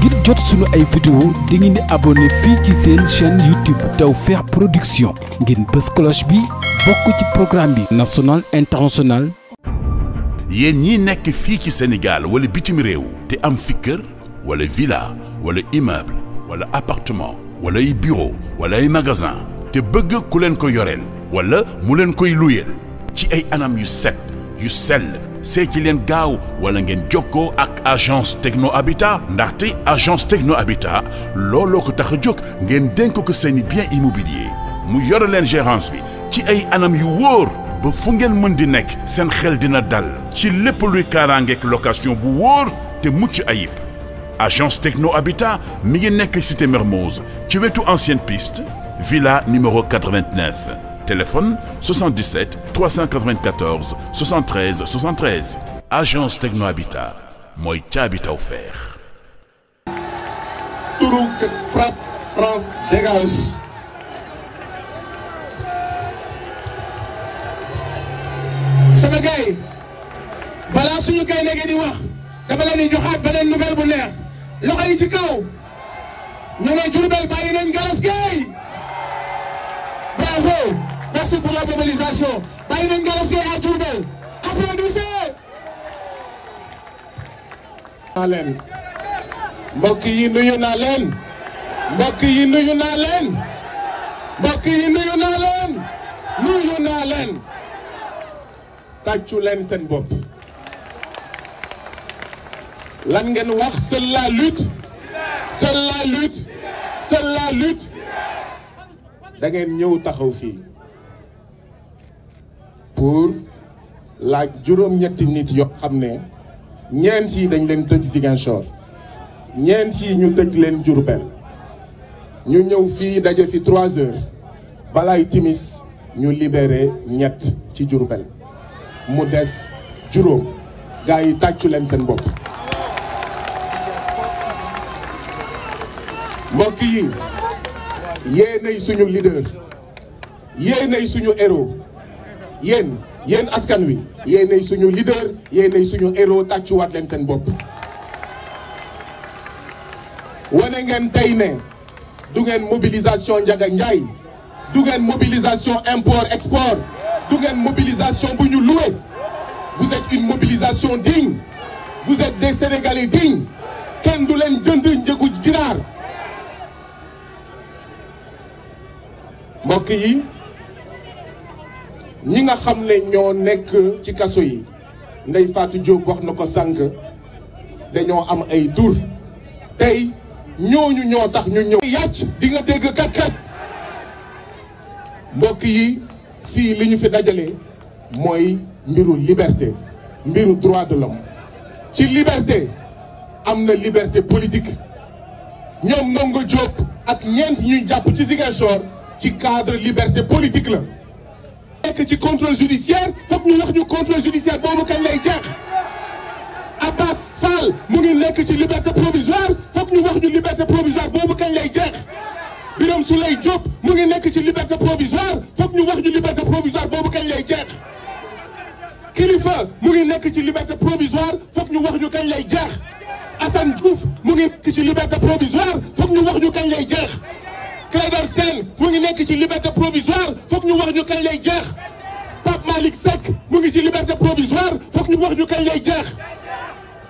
ngir jot sunu ay vidéo di ngeen di abonné fii ci seen chaîne YouTube Tawfekh Production ngeen bës cloche bi bokk ci programme bi national international yéen ñi nekk fii ci Sénégal wala bitim réew te am fi wala villa wala immeuble wala appartement wala ay bureau wala ay magasin te bëgg ku leen ko yoreel wala mu leen koy luyeel ci ay anam yu set yu sel see ci leen gaaw wala ngeen jokkoo ak agence techno abita ndaxte agence techno habitat looloo ko tax a jóg ngeen dénk ko seeni bien immobilier mu yore leen gérance bi ci ay anam yu wóor ba fu ngeen mën di nekk seen xel dina dal ci lépp luy kaaraangeek location bu wóor te mucc ayib agence abita habitat mi ngi si cité Mermoz ci wetu ancienne pist villa numéro 89 téléphone 77 394 73 73 agence Techno Habitat mooy ca Habitat offert. turu frappe France dégage. sama gars yi balaa suñu kay léegi di wax dama leen di joxaat beneen nouvelle bu neex loxo yi ci kaw ñu ne Diourbel bàyyi nañ galas gaay bravo merci pour la mobilisation bàyyi nañ Gallas Guèye à Diourbel naa leen mbokk yi nuyu naa leen mbokk yi nuyu naa leen mbokk yi nuyu naa leen tàccu leen seen bopp lan ngeen wax seule la lutte seule lutte seule lutte da ñëw taxaw fii pour laaj juróom-ñetti nit yoo xam ne ñeent yi dañ leen tëj Ziguinchor ñeent yi ñu tëj leen Diourbel ñu ñëw fii daje fi trois heures balaay timis ñu libéré ñett ci Diourbel mu des juróom gars yi tàccu leen seen bopp mbokk yi yéenay suñu leader yéenay suñu héros yéen yéen askan wi yéenay suñu leader yéenay suñu héros tàccuwaat leen seen bopp. wane ngeen tey ne du ngeen mobilisation Ndiaga Ndiaye du ngeen mobilisation import export du ngeen mobilisation bu ñu loué vous êtes une mobilisation digne vous êtes des Sénégalais dignes kenn du leen jënd njëgu ginaar mbokk yi. ñi nga xam ne ñoo nekk ci kaso yi Ndeye Fatou Diop wax na ko sànq dañoo am ay tur tey ñooñu ñoo tax ñu ñëw yàcc di nga dégg kat kat mbokk yi fii li ñu fi dajale mooy mbiru liberté mbiru droit de l'homme ci liberté am na liberté politique ñoom Ndongo Diop ak ñeent ñuy jàpp ci Ziguinchor ci cadre liberté politique la nekk ci contrôle judiciaire foog ñu wax ñu contrôle judiciaire boobu kan lay jeex Abbas Fall mu ngi nekk ci liberté provisoire foog ñu wax ñu liberté provisoire boobu kan lay jeex Birame Souleye Diop mu ngi nekk ci liberté provisoire foog ñu wax ñu liberté provisoire boobu kañ lay jeex Kilifeu mu ngi nekk ci liberté provisoire foog ñu wax ñu kañ lay jeex Assane Diouf mu ngi nekk ci liberté provisoire foog ñu wax ñu kañ lay jeex Clédor Sène mu ngi nekk ci liberté provisoire foog ñu wax ñu kañ lay jeex Pape Malick Seck mu ngi ci liberté provisoire foog ñu wax ñu kañ lay jeex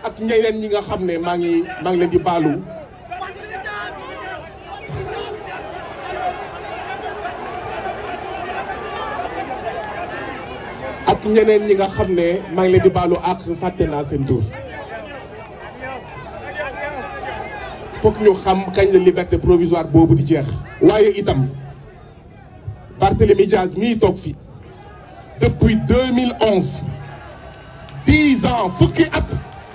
ak ñeneen ñi nga xam ne maa ngi maa ngi leen di baalu ak ñeneen ñi nga maa ngi leen di baalu ak fàtte seen tur foog ñu xam kañ la liberté provisoire boobu di jeex waaye itam Barthélémy Diaz mii toog fi depuis 2011 dix ans fukki at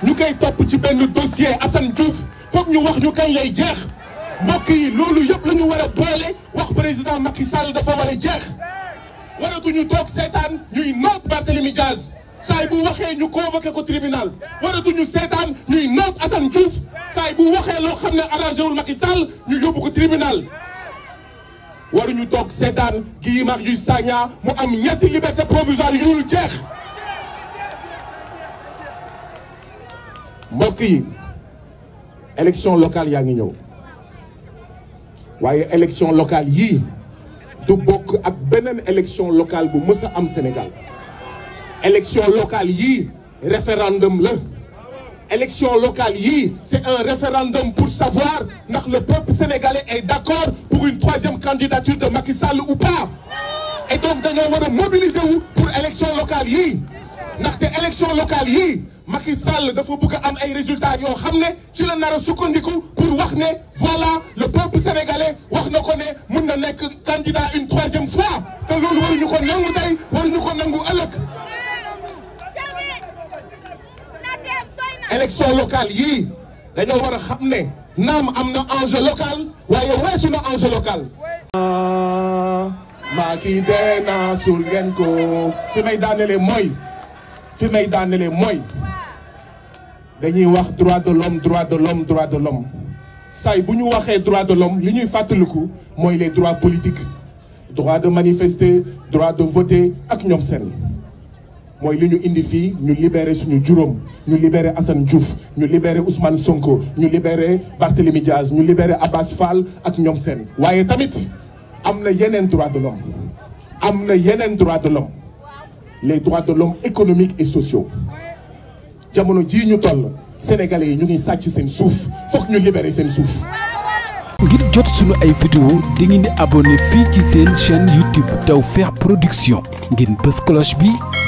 ñu koy topp ci benn dossier Assane Diouf foog ñu wax ñu kañ lay jeex mbokk yi loolu yëpp la ñu war a boole wax président Macky Sall dafa war a jeex waratuñu toog seetaan ñuy noot Barthélémy Diaz saay bu waxee ñu convoqué ko tribunal waratuñu seetaan ñuy noot Assane Diouf saay bu waxee loo xam ne arrangé wul Macky Sall ñu yóbbu ko tribunal. waruñu toog seetaan Guy Marius Sagna mu am ñetti liberté provisoire yu dul jeex. mbokk yi élection locale yaa ngi ñëw waaye élection locale yii du bokk ak beneen élection locale bu mës am Sénégal. élection locale yi référendum la locale yii c'est un référendum pour savoir ndax le peuple sénégalais est d'accord pour une troisième candidature de Macky Sall ou pas et donc dañoo war a mobiliser wu pour élection locale yii ndaxte élection locale yii Macky Sall dafa bëgg am ay résultats yoo xam ne ci la nar a sukkandiku pour wax voilà le peuple sénégalais wax na ko ne mun na nekk candidat une troisième fois te loolu waruñu ko nangu tey waruñu élection locale yii dañoo war a xam ne naam am na enjeu local waaye weesu na enjeu local. Ah, maa kii dee naa suul fi may daanelee mooy fi may daanelee mooy dañuy wax droit de l'homme droit de l'homme droit de l'homme say bu ñu waxee droit de l'homme li ñuy fàttaliku mooy les droits politiques droit de manifester droit de voter ak ñoom seen. mooy li ñu indi fii ñu libéré suñu juróom ñu libéré Assane Diouf ñu libere Ousmane Sonko ñu libéré Barthélémy Diaz ñu libéré Abbas Fall ak ñoom seen waaye tamit am na yeneen droit de l'homme am na yeneen droit de l'homme les droits de l'homme économiques et sociaux jamono ji ñu toll sénégale yi ñu ngi sàcc seen suuf fokk ñu libéré seen suuf ngir jot sunu ay vidéo di ngeen di fii ci seen chaîne YouTube Tawfekh Production ngeen bës cloche bi